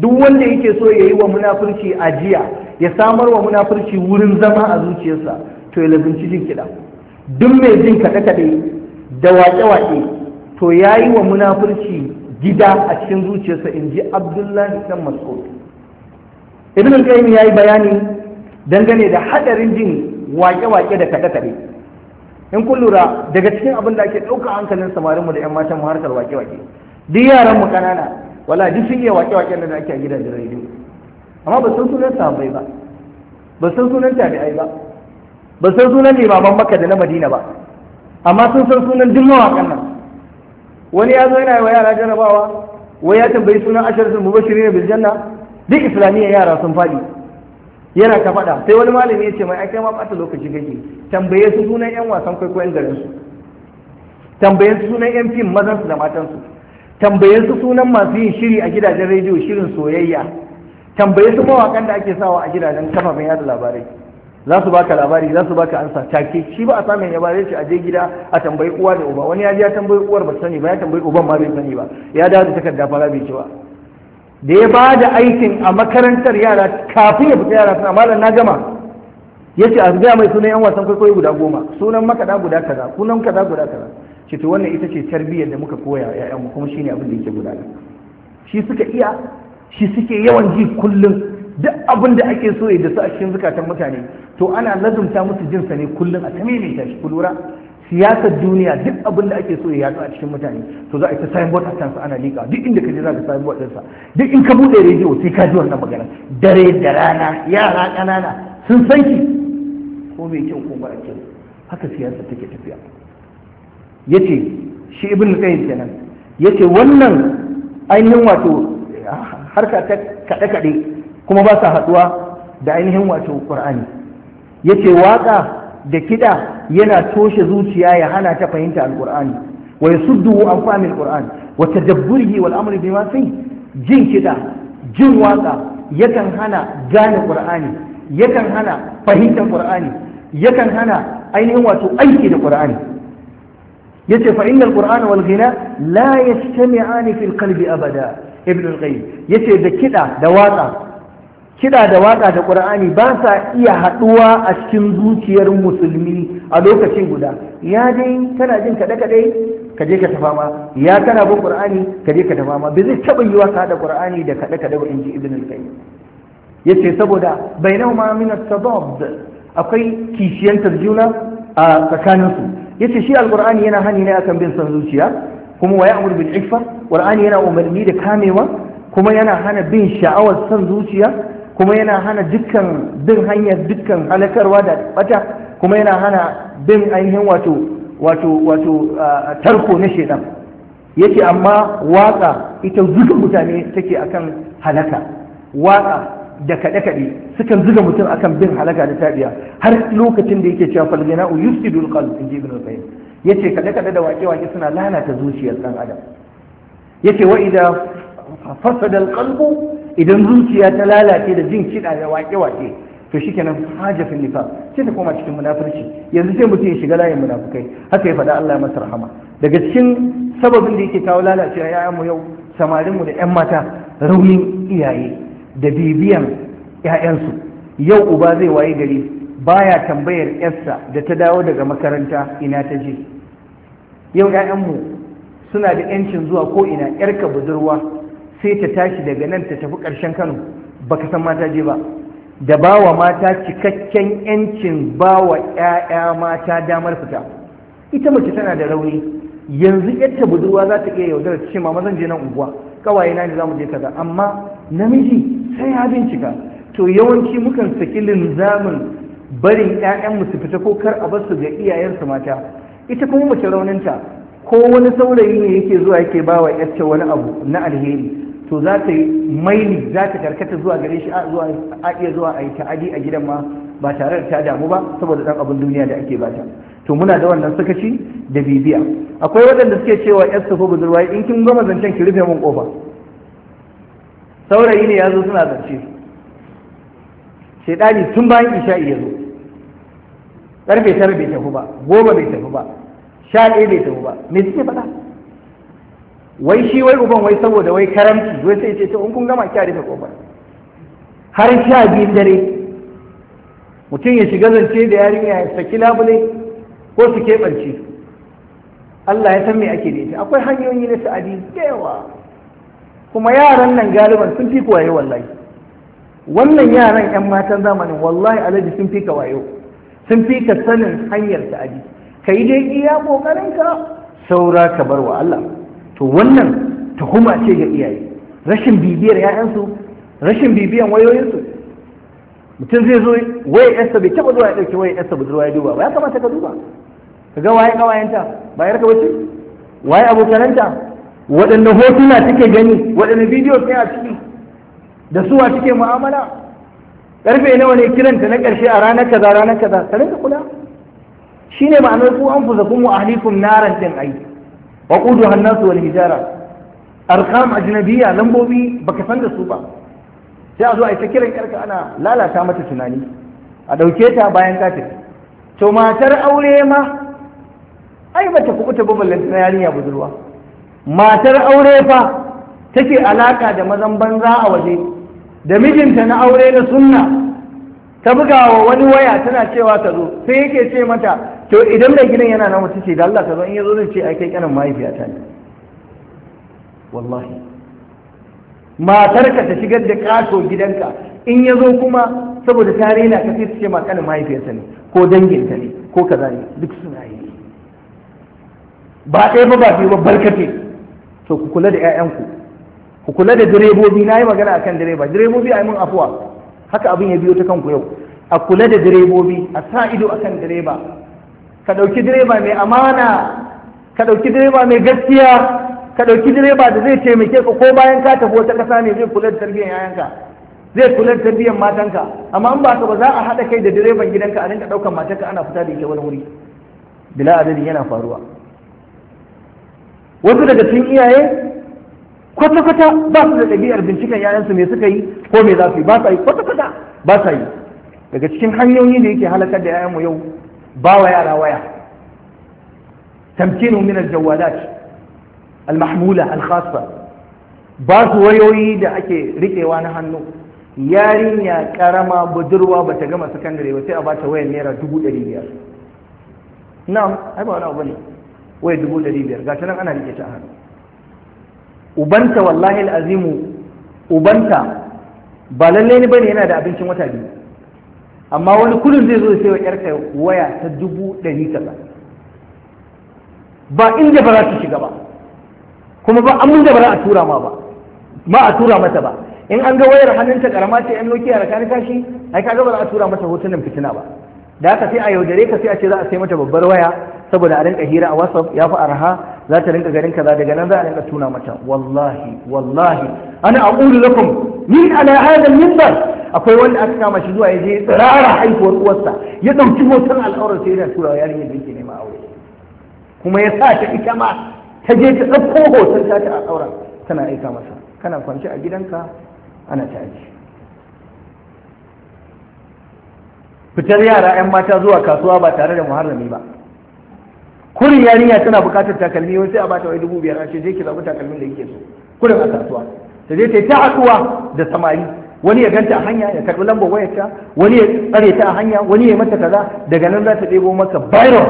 duk wanda yake so ya yi wa munafurci ajiya ya samar wa munafurci wurin zama a zuciyarsa to ya lazimci jin kiɗa duk mai jin kaɗe-kaɗe da waƙe-waƙe to ya yi wa munafurci gida a cikin zuciyarsa in ji abdullahi ɗan mas'ud ibn al ya yi bayani dangane da haɗarin jin waƙe-waƙe da kaɗe-kaɗe in kun lura daga cikin abin da ake ɗauka hankalin samarinmu da 'yan matan mu harkar waƙe-waƙe duk yaran mu ƙanana wala duk sun iya waƙe-waƙen da ake a gidajen rediyo amma ba san sunan sahabbai ba ba san sunan tabi'ai ba ba san sunan limaman makka da na madina ba amma sun san sunan duk mawaƙan nan wani ya zo yana wa yara jarabawa wai ya tambayi sunan asharatul mubashirin bil janna duk islamiyya yara sun faɗi yana ta faɗa sai wani malami ya ce mai ake ma ɓata lokaci gaji tambaye su sunan yan wasan kwaikwayon garin su tambaye su sunan yan fim mazan su da matan su tambaye su sunan masu yin shiri a gidajen rediyo shirin soyayya tambaye su mawakan da ake sawa a gidajen kafafen yada labarai za su baka labari za su baka ansa take shi ba a samun ya bare shi a je gida a tambayi uwa da uba wani ya ji ya tambayi uwar ba sani ba ya tambayi uban ma bai sani ba ya dawo da takarda fara bai ci ba da ya ba da aikin a makarantar yara kafin ya fita yara suna malam na gama ya ce a gaya mai sunan yan wasan kwaikwayo guda goma sunan makaɗa guda kaza sunan kaza guda kaza ce to wannan ita ce tarbiyyar da muka koya ya'yan kuma shine abin da yake gudana shi suka iya shi suke yawan ji kullum duk abin da ake so da su a cikin zukatan mutane to ana lazumta musu jinsa ne kullum a tamimita shi kulura siyasar duniya duk abin da ake so ya yatsu a cikin mutane to za a yi ta bota a kansa ana lika duk inda ka je za ka bota ɗinsa duk in ka buɗe rediyo sai ka ji wannan magana dare da rana yara ƙanana sun san ki ko mai kyau ko mara kyau haka siyasa take tafiya yace shi ibn qayyim kenan yace wannan ainihin wato harka ta kaɗe kaɗe kuma ba sa haɗuwa da ainihin wato qur'ani yace waka da kiɗa yana toshe zuciya ya hana ta fahimta alqur'ani wa yasuddu an fahmi alqur'an wa tadabburihi wal amri bima fi jin kiɗa jin waka yakan hana gane Al-ƙur'ani, yakan hana fahimtar ƙurani yakan hana ainihin wato aiki da Al-ƙur'ani. yace fa innal qur'ana wal ghina la yajtami'ani kalbi qalbi abada ibn al-qayyim yace da kida da waka kida da waka da qur'ani ba sa iya haduwa a cikin zuciyar musulmi a lokacin guda ya dai kana jin kada kadai ka je ka tafa ma ya kana bin qur'ani ka je ka tafa ma bai zai taba yiwa ka da qur'ani da kada kada ba inji ibn al-qayyim yace saboda bainahuma min at-tadad akwai kishiyantar juna a tsakaninsu yace shi alqur'ani yana hani ne akan bin san zuciya kuma wa ya'muru bil iffa qur'ani yana umarni da kamewa kuma yana hana bin sha'awar san zuciya kuma yana hana dukkan bin hanyar dukkan halakarwa da bata kuma yana hana bin ainihin wato wato wato tarko na shedan yace amma waka ita zuga mutane take akan halaka waka da kaɗe-kaɗe sukan zuga mutum akan bin halaka da tabiya har lokacin da yake cewa falgina u yusidul dulkal in ji ibn qayyim yace kaɗe-kaɗe da waƙe-waƙe suna lalata zuciyar ɗan adam yace wa idan fasada alqalbu idan zuciya ta lalace da jin kiɗa da waƙe-waƙe to shikenan haja fil nifa sai ta koma cikin munafurci yanzu sai mutum ya shiga layin munafukai haka ya faɗa Allah ya masa rahama daga cikin sababin da yake kawo lalacewa 'ya'yanmu yau samarinmu da 'yan mata raunin iyaye da bibiyan 'ya'yansu yau uba zai waye gari baya tambayar 'yarsa da ta dawo daga makaranta ina ta je yau 'ya'yanmu suna da 'yancin zuwa ko ina 'yarka budurwa sai ta tashi daga nan ta tafi ƙarshen kano baka san mata je ba da bawa mata cikakken 'yancin bawa 'ya'ya mata damar fita ita mace tana da rauni yanzu yadda budurwa za ta iya yaudara ta ce mama zan je nan unguwa kawai na ne za mu je kaza amma namiji sai ya bincika to yawanci mukan saki linzamin barin 'ya'yanmu su fita ko kar a basu ga iyayensu mata ita kuma mace rauninta ko wani saurayi ne yake zuwa yake ba wa yarce wani abu na alheri to za ta yi maili za ta karkata zuwa gare shi a iya zuwa a yi ta'adi a gidan ma ba tare da ta damu ba saboda dan abin duniya da ake bata to muna da wannan sakaci da bibiya akwai waɗanda suke cewa yar ko budurwa in kin gama zancen ki rufe min kofa saurayi ne ya zo suna zance su. shaidani tun bayan isha'i ya zo ƙarfe tara bai tafi ba goma bai tafi ba sha ɗaya bai tafi ba me suke faɗa wai shi wai uban wai saboda wai karamci wai sai ce in kun gama kya rufe kofar har sha biyun dare mutum ya shiga zance da yarinya ya saki labule ko su keɓance Allah ya san me ake da ita akwai hanyoyi na sa'adi da yawa kuma yaran nan galiban sun fi wayo wallahi wannan yaran yan matan zamanin wallahi alaji sun fi ka wayo sun fi ka sanin hanyar ta aji kai dai iya kokarin ka saura ka bar wa Allah to wannan tuhuma ce ga iyaye rashin bibiyar 'ya'yansu rashin bibiyan wayoyinsu mutum zai zo waye yarsa bai taba zuwa ya dauki waye yarsa budurwa ya duba ba ya kamata ka duba ka ga waye kawayenta ba ya raka bace waye abokananta waɗanne hotuna suke gani waɗanne bidiyo sai a ciki da suwa take mu'amala Ƙarfe nawa ne kiranta na ƙarshe a ranar kaza ranar kaza ka rinka kula shine ma'anar ku an fusa kuma ahlikum naran din ai wa quduha an hijara. wal hijara arqam ajnabiyya lambobi baka san da su ba sai a zo a ta kiran yarka ana lalata mata tunani a ɗauke ta bayan ka tafi to matar aure ma ai bata kubuta ba ballanta na yarinya budurwa matar aure fa take alaka da mazan banza a waje da mijinta na aure na sunna ta bugawa wani waya tana cewa ta zo sai yake ce mata to idan mai gidan yana na wata ce da Allah ka zo in ya zo zai ce kai kanin mahaifiyata ne wallahi Matar ka ta shigar da kaso gidanka in ya zo kuma saboda tarihi na kafi su ce ma kanin mahaifiyarsa ne ko danginta ne ko kaza ne duk suna yi ba ɗaya ba ba biyu ba barkate to ku kula da 'ya'yanku ku kula da direbobi na yi magana akan direba direbobi a yi mun afuwa haka abin ya biyo ta kanku yau a kula da direbobi a sa ido akan direba ka ɗauki direba mai amana ka ɗauki direba mai gaskiya ka ɗauki direba da zai taimake ka ko bayan ka tafi wata ƙasa ne zai kula da tarbiyyar 'ya'yanka zai kula da tarbiyyar matanka amma in ba ka ba za a haɗa kai da direban gidanka a rinka ɗaukar matanka ana fita da ita wani wuri bila adadin yana faruwa wasu daga cikin iyaye kwata-kwata ba su da ɗabi'ar binciken 'ya'yansu me suka yi ko mai za su yi ba su yi kwata-kwata ba su yi daga cikin hanyoyi da yake halakar da 'ya'yanmu yau ba wa yara waya tamkinu min aljawalat almahmula alkhassa ba su wayoyi da ake riƙewa na hannu yarinya karama budurwa bata gama sakandare ba sai a bata wayar naira dubu ɗari biyar na'am ai ba wani abu ne wai dubu ɗari biyar ga nan ana rike ta a hannu ubanta wallahi al'azimu ubanta ba lalle ne bane yana da abincin wata biyu amma wani kudin zai zo sai wa yarka waya ta dubu ɗari kaza ba inda ba za ta shiga ba kuma ba an da ba za a tura ma ba ma a tura mata ba in an ga wayar hannunta karama ce yan nokiya da ka kashi ai kaga ba za a tura mata hotunan fitina ba da haka sai a yaudare ka sai a ce za a sai mata babbar waya saboda a rinka hira a whatsapp ya fi arha za ta rinka garin kaza daga nan za a rinka tuna mata wallahi wallahi ana Ni lakum min ala hadha minbar akwai wanda aka kama shi zuwa yaje tsirara haihuwar uwarsa ya ɗauki hoton al'aurar sai yana tura yarinya da yake nema aure kuma ya sa ta ita ma ta je ta ɗauko hoton ta ta al'aurar tana aika masa kana kwance a gidanka ana ta aji fitar yara 'yan mata zuwa kasuwa ba tare da muharrami ba kurin yarinya tana buƙatar takalmi wai sai a bata wai dubu biyar a ce je ki zaɓi takalmin da yake so kurin a kasuwa ta je ta yi ta da samari wani ya ganta a hanya ya karɓi lambar wayarta wani ya tsare ta a hanya wani ya mata kaza daga nan za ta ɗebo maka viral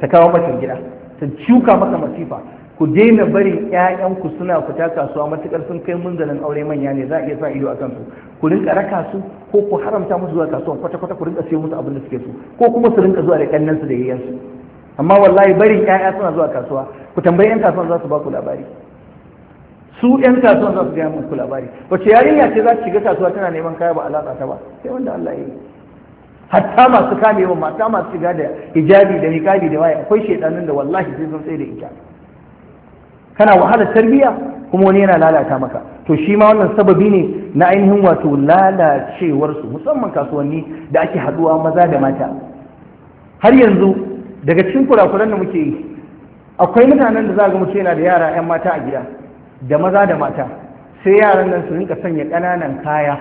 ta kawo masa gida ta shuka maka masifa ku daina barin ƴaƴanku suna fita kasuwa matuƙar sun kai munzalin aure manya ne za a iya sa ido a kansu ku rinka raka su ko ku haramta musu zuwa kasuwa kwata kwata ku rinka siyo musu abin da suke so ko kuma su rinka zuwa da kannan su da yayyan su amma wallahi barin ƴaƴa suna zuwa kasuwa ku tambayi ƴan kasuwa za su ba ku labari su ƴan kasuwa za su gaya muku labari wace yarinya ce za ta shiga kasuwa tana neman kaya ba alaƙa ta ba sai wanda Allah ya yi hatta masu kamewa mata masu shiga da hijabi da niqabi da waya akwai shaidanin da wallahi sai sun tsaye da ita kana wahalar tarbiyya kuma wani yana lalata maka to shi ma wannan sababi ne na ainihin wato lalacewarsu musamman kasuwanni da ake haduwa maza da mata har yanzu daga cikin kurakuran da muke yi akwai mutanen da za ga mutum yana da yara 'yan mata a gida da maza da mata sai yaran nan su rinka sanya ƙananan kaya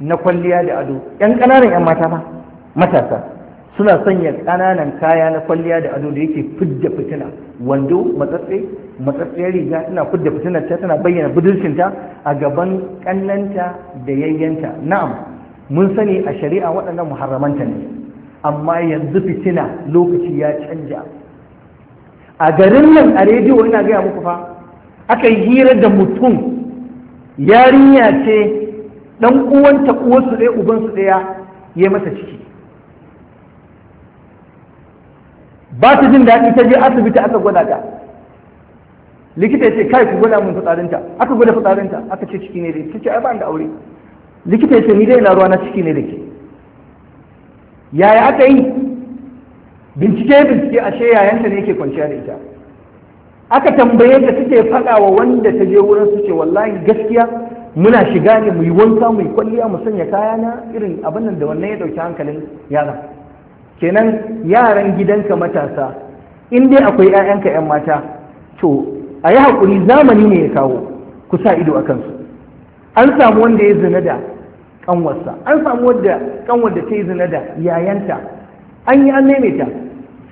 na kwalliya da ado 'yan ƙananan 'yan mata ma matasa suna sanya ƙananan kaya na kwalliya da ado da yake fidda fitina wando matsatse matsatsiyar riga tana fidda fitinar ta tana bayyana budurcinta a gaban ƙannanta da yayyanta na'am mun sani a shari'a waɗannan muharramanta ne amma yanzu fitina lokaci ya canja a garin nan a rediyo ina gaya muku fa aka yi hira da mutum yarinya ce ɗan uwanta uwarsu ɗaya ubansu ɗaya ya masa ciki ba ta jin daɗi ta je asibiti aka gwada ta likita ya ce kai ku gwada mun fitsarinta aka gwada fitsarinta aka ce ciki ne da ta ce ai ba da aure likita ya ce ni dai ina ruwa na ciki ne da ke yaya aka yi bincike bincike ashe yayanta ne yake kwanciya da ita aka tambaye ta suke faɗa wa wanda ta je wurin su ce wallahi gaskiya muna shiga ne mu yi wanka mu yi kwalliya mu sanya kaya na irin abin nan da wannan ya ɗauki hankalin yara. kenan yaran gidanka matasa in dai akwai 'ya'yanka 'yan mata to a yi haƙuri zamani ne ya kawo ku sa ido a kansu an samu wanda ya zina da ƙanwarsa an samu wanda ƙanwar da ta yi zina da yayanta an yi an ta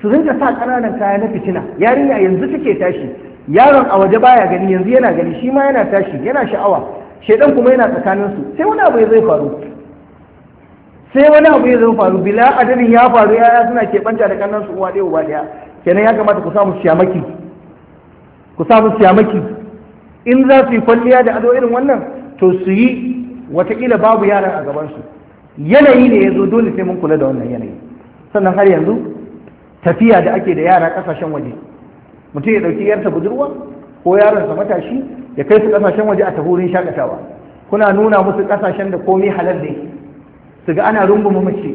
su rinka sa ƙananan kaya na fitina yarinya yanzu take tashi yaron a waje baya gani yanzu yana gani shi ma yana tashi yana sha'awa shaidan kuma yana tsakaninsu sai wani abu ya zai faru sai wani abu ya zama faru bila adadin ya faru yaya suna keɓanta da kannan su uwa ɗaya uba ɗaya kenan ya kamata ku samu siyamaki ku samu siyamaki in za su yi kwalliya da ado irin wannan to su yi watakila babu yaran a gabansu yanayi ne ya zo dole sai mun kula da wannan yanayi sannan har yanzu tafiya da ake da yara kasashen waje mutum ya ɗauki yarsa budurwa ko yaronsa matashi ya kai su kasashen waje a tahurin shakatawa kuna nuna musu kasashen da komai halal ne su ga ana runguma mace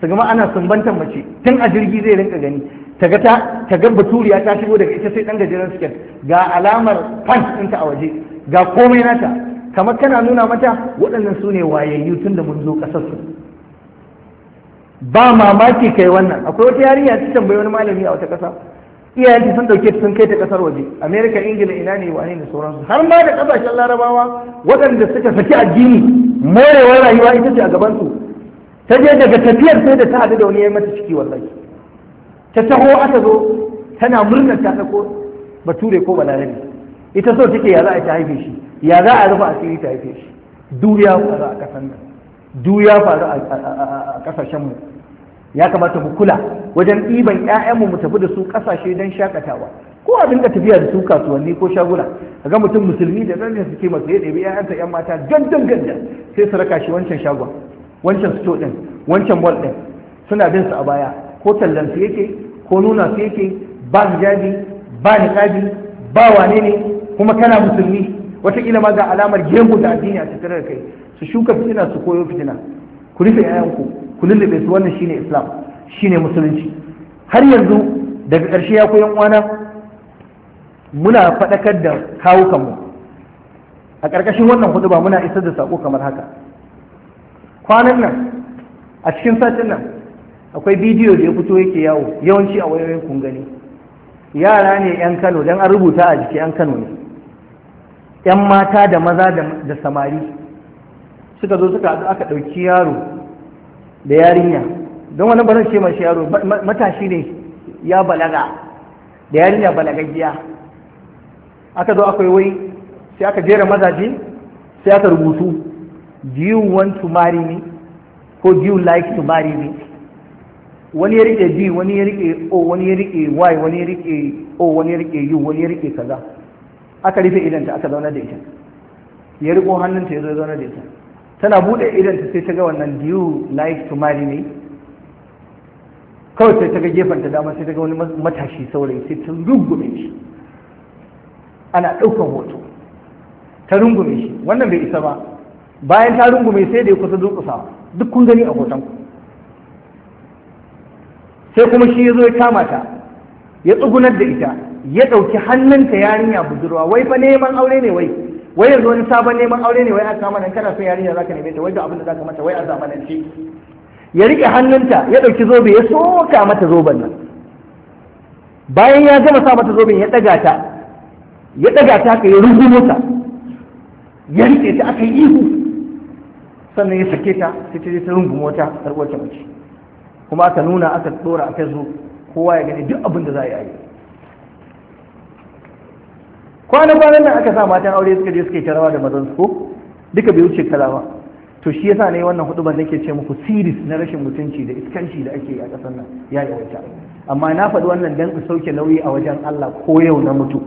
su ga ma ana sumbantar mace tun a jirgi zai rinka gani ta ga ta ga baturiya ta shigo daga ita sai dan gajeren siket ga alamar fan ɗinta a waje ga komai nata kamar kana nuna mata waɗannan su ne wayayyu tun da mun zo ƙasar ba mamaki kai wannan akwai wata yarinya ta tambayi wani malami a wata ƙasa iyayenta sun ɗauke sun kai ta ƙasar waje amerika ingila ina ne wane ne sauransu har ma da kasashen larabawa waɗanda suka saki addini morewar rayuwa ita ce a gabansu ta je daga tafiyar sai da ta haɗu da wani ya mata ciki wallahi ta taho aka zo tana murnar ta ko bature ko balarabe ita so take ya za a ta haife shi ya za a rufe asiri ta haife shi du ya faru a ƙasan nan ya faru a ƙasashenmu ya kamata mu kula wajen ɗiban 'ya'yanmu mu tafi da su ƙasashe don shakatawa ko a dinga tafiya da su kasuwanni ko shaguna ga mutum musulmi da zan yin suke masu ya ɗebi ƴaƴanta 'yan mata gandan gandan sai su raka shi wancan shagon wancan sto wancan mall ɗin suna bin su a baya ko tallan su yake ko nuna su yake ba hijabi ba niqabi ba wane ne kuma kana musulmi wataƙila ma ga alamar gemu da addini a tattare da kai su shuka fitina su koyo fitina ku rufe ƴaƴanku ku lullube su wannan shine islam shine musulunci har yanzu daga ƙarshe ya koyan uwana muna faɗakar da kawukanmu a ƙarƙashin wannan hudu ba muna isar da saƙo kamar haka kwanan nan a cikin satin nan akwai bidiyo da ya fito yake yawo yawanci a wayoyin kun yara ne 'yan kano don an rubuta a jiki 'yan kano ne 'yan mata da maza da samari suka zo suka zo aka ɗauki yaro da yarinya don wani barin ce mashi yaro matashi ne ya balaga da yarinya balagaggiya aka zo akwai wai sai aka jera mazaje sai aka rubutu do you want to marry me ko do you like to marry me wani ya rike d wani ya rike o wani ya rike y wani ya rike o wani ya rike u wani ya rike kaza aka rufe idanta aka zauna da ita ya riko hannunta ya zo zauna da ita tana bude idanta sai ta ga wannan do you like to marry me kawai sai ta ga gefen ta dama sai ta ga wani matashi saurayi sai ta rungume shi ana ɗaukan hoto ta rungume shi wannan bai isa ba bayan ta rungume sai da ya kusa durƙusa duk kun gani a hoton ku sai kuma shi ya zo ya kama ta ya tsugunar da ita ya ɗauki hannunta yarinya budurwa wai fa neman aure ne wai wai yanzu wani sabon neman aure ne wai a kama nan kana son yarinya zaka neme ta wai da abin da zaka mata wai a zamanance ya rike hannunta ya ɗauki zobe ya soka mata zoben nan bayan ya gama sa mata zoben ya ɗaga ta ya daga ta aka yi rungumo mota ya rike ta aka yi ihu sannan ya sake ta sai ta je ta mota a har wacce mace kuma aka nuna aka tsora aka zo kowa ya gani duk abin da za a yi kwanan kwanan nan aka sa matan aure suka je suka yi tarawa da mazan su ko duka bai wuce kaza ba to shi yasa ne wannan ban nake ce muku siris na rashin mutunci da iskanci da ake yi a ƙasar nan ya yawaita amma na faɗi wannan dan ku sauke nauyi a wajen Allah ko yau na mutu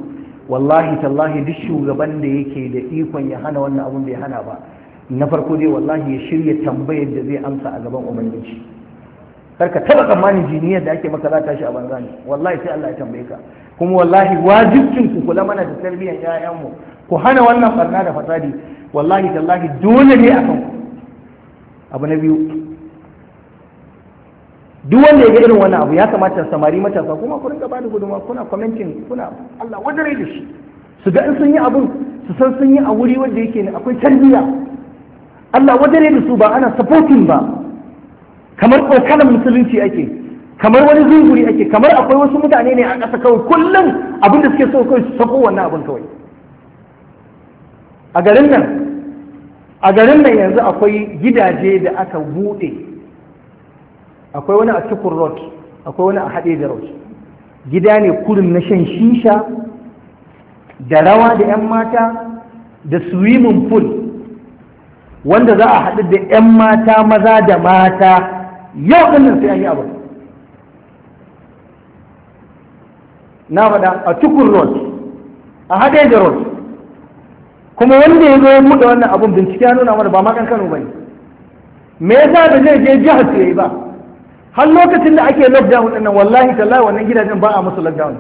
wallahi tallahi duk shugaban da yake da ikon ya hana wannan abun bai hana ba na farko dai wallahi ya shirya tambayar da zai amsa a gaban ubangiji karka taba tsammanin jiniyar da ake maka za ta a banza ne wallahi sai Allah ya tambaye ka kuma wallahi wajibcin ku kula mana da tarbiyyar 'ya'yanmu, ku hana wannan barna da fasadi wallahi tallahi dole ne akan ku abu na biyu duk wanda ya ga irin wannan abu ya kamata samari matasa kuma ku rinka bada guduma, kuna commenting kuna Allah wadare da shi su ga in sun yi abun su san sun yi a wuri wanda yake ne akwai tarbiyya Allah wadare da su ba ana supporting ba kamar kokalan musulunci ake kamar wani zunguri ake kamar akwai wasu mutane ne a ƙasa kawai kullum abin da suke so kawai su sako wannan abin kawai a garin nan a garin nan yanzu akwai gidaje da aka buɗe akwai wani a cikin road akwai wani a haɗe da road gida ne kurin na shan shisha da rawa da 'yan mata da swimming pool wanda za a haɗu da 'yan mata maza da mata yau nan sai an yi abu na faɗa a cikin road a haɗe da road kuma wanda ya zo ya buɗe wannan abun bincike ya nuna mana ba ma kankano ba ne me yasa da zai je jihar su yi ba har lokacin da ake lockdown din nan wallahi tallahi wannan gidajen ba a musu lockdown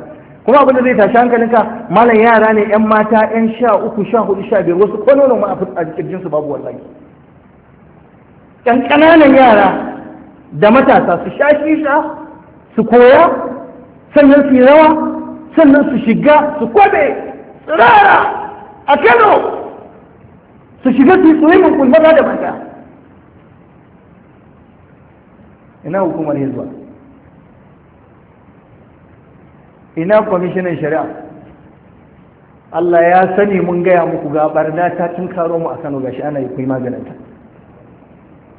kuma abin da zai tashi hankalinka malam yara ne yan mata yan sha uku sha hudu sha biyar wasu ko ma a kirjin su babu wallahi ƙanƙananan ƙananan yara da matasa su sha shisha su koya sannan su rawa sannan su shiga su kwabe tsirara a kano su shiga su yi swimming pool maza da mata ina hukumar hizba ina kwamishinan shari'a Allah ya sani mun gaya muku gabar na ta tun karo mu a Kano gashi ana yi kuyi maganinta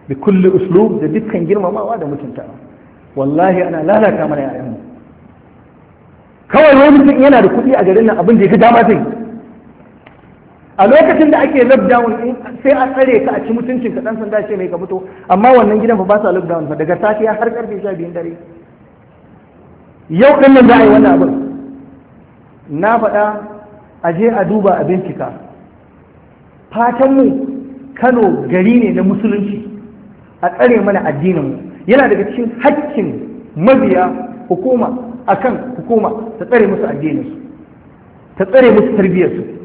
Da kulle uslub da dukkan girmamawa da mutunta wallahi ana lalata mana 'ya'yanmu. kawai wani mutum yana da kuɗi a garin nan abin da ya ga dama zai a lokacin da ake lockdown in sai a tsare ka a ci mutuncin ka dan sanda ce mai ka fito amma wannan gidan fa ba sa lockdown ba daga safiya har karfe 12 dare yau din nan za a yi wannan abin na faɗa a je a duba a bincika fatan mu Kano gari ne na musulunci a tsare mana addinin mu yana daga cikin haƙƙin mabiya hukuma akan hukuma ta tsare musu addinin su ta tsare musu tarbiyyar su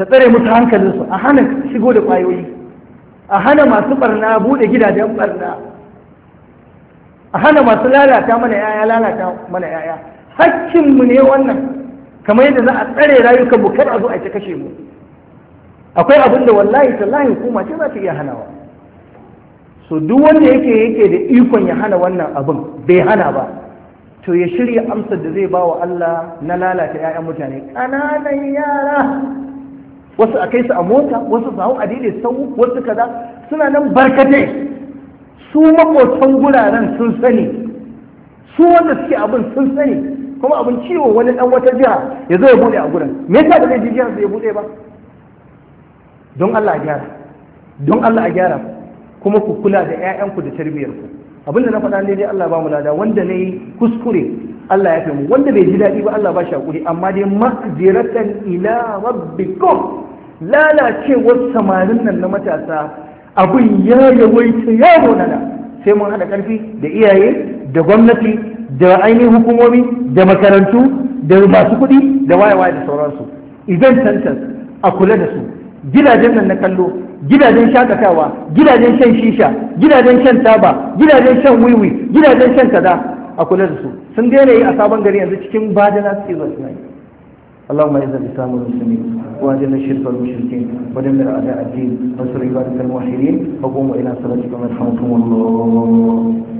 ta tsare musu hankalinsu a hana shigo da kwayoyi a hana masu barna bude gidajen barna a hana masu lalata mana yaya lalata mana yaya hakkinmu ne wannan kamar yadda za a tsare rayukanmu mu kar a zo a ci kashe mu akwai abin da wallahi tallahi hukuma ce za ta iya hanawa so duk wanda yake yake da ikon ya hana wannan abin bai hana ba to ya shirya amsar da zai ba wa Allah na lalata 'ya'yan mutane ƙananan yara wasu a kai su a mota wasu su hau a daidai sau wasu kaza suna nan barkatai su makotan guraren sun sani su wanda suke abin sun sani kuma abin ciwo wani dan wata jiha ya zo ya bude a gurin me yasa da zai bude ba don Allah a gyara don Allah a gyara kuma ku kula da 'ya'yanku da tarbiyyarku abin da na faɗa ne dai Allah ba mu lada wanda ne kuskure Allah ya fi mu wanda bai ji daɗi ba Allah ba shi hakuri amma dai ma'ziratan ila rabbikum lalacewar samarin nan na matasa abin ya yawaita ya gonana sai mun haɗa ƙarfi da iyaye da gwamnati da ainihin hukumomi da makarantu da masu kuɗi da wayewa da sauransu idan tantas a kula da su gidajen nan na kallo gidajen shakatawa gidajen shan shisha gidajen shan taba gidajen shan wiwi gidajen shan kaza a kula da su sun daina yi a sabon gari yanzu cikin badana su yi zuwa اللهم اعز الاسلام والمسلمين واذل الشرك والمشركين ودمر اعداء الدين وانصر عبادك الموحدين وقوموا الى صلاتكم يرحمكم الله